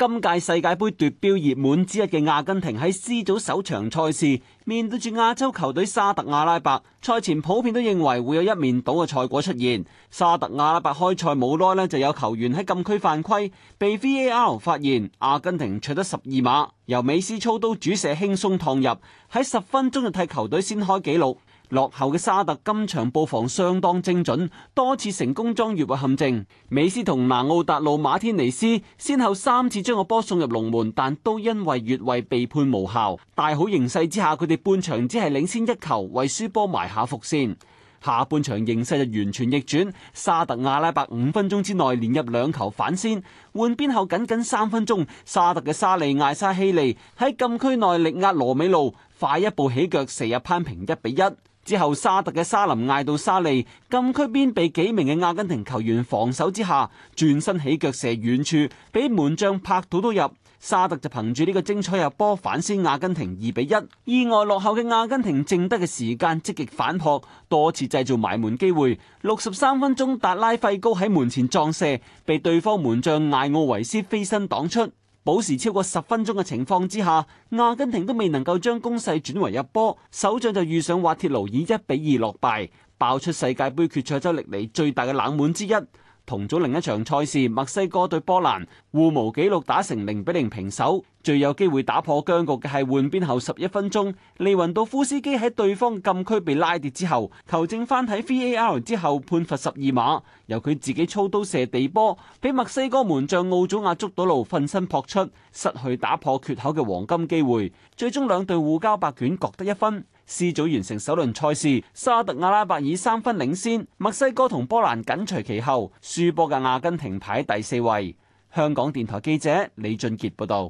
今屆世界盃奪標熱門之一嘅阿根廷喺 C 組首場賽事面對住亞洲球隊沙特阿拉伯，賽前普遍都認為會有一面倒嘅賽果出現。沙特阿拉伯開賽冇耐呢，就有球員喺禁區犯規，被 VAR 發現，阿根廷取得十二碼，由美斯操刀主射輕鬆趟入，喺十分鐘就替球隊先開紀錄。落後嘅沙特今場布防相當精準，多次成功裝越位陷阱。美斯同南奧達路馬天尼斯先後三次將個波送入龍門，但都因為越位被判無效。大好形勢之下，佢哋半場只係領先一球，為輸波埋下伏線。下半場形勢就完全逆轉，沙特阿拉伯五分鐘之內連入兩球反先。換邊後僅僅三分鐘，沙特嘅沙利艾沙希利喺禁區內力壓羅美路，快一步起腳射入攀，平一比一。之後，沙特嘅沙林嗌到沙利禁區邊，被幾名嘅阿根廷球員防守之下轉身起腳射遠處，俾門將拍到都入。沙特就憑住呢個精彩入波反先阿根廷二比一。意外落後嘅阿根廷剩得嘅時間積極反撲，多次製造埋門機會。六十三分鐘，達拉費高喺門前撞射，被對方門將艾奧維斯飛身擋出。補時超過十分鐘嘅情況之下，阿根廷都未能夠將攻勢轉為入波，首仗就遇上滑鐵盧以一比二落敗，爆出世界盃決賽周歷嚟最大嘅冷門之一。同組另一場賽事，墨西哥對波蘭互無紀錄打成零比零平手，最有機會打破僵局嘅係換邊後十一分鐘，利雲度夫斯基喺對方禁區被拉跌之後，球證翻睇 V A R 之後判罰十二碼，由佢自己操刀射地波，俾墨西哥門將奧祖亞捉到路，奮身撲出，失去打破缺口嘅黃金機會，最終兩隊互交白卷，各得一分。C 組完成首輪賽事，沙特阿拉伯以三分領先，墨西哥同波蘭緊隨其後，輸波嘅阿根廷排第四位。香港電台記者李俊傑報道。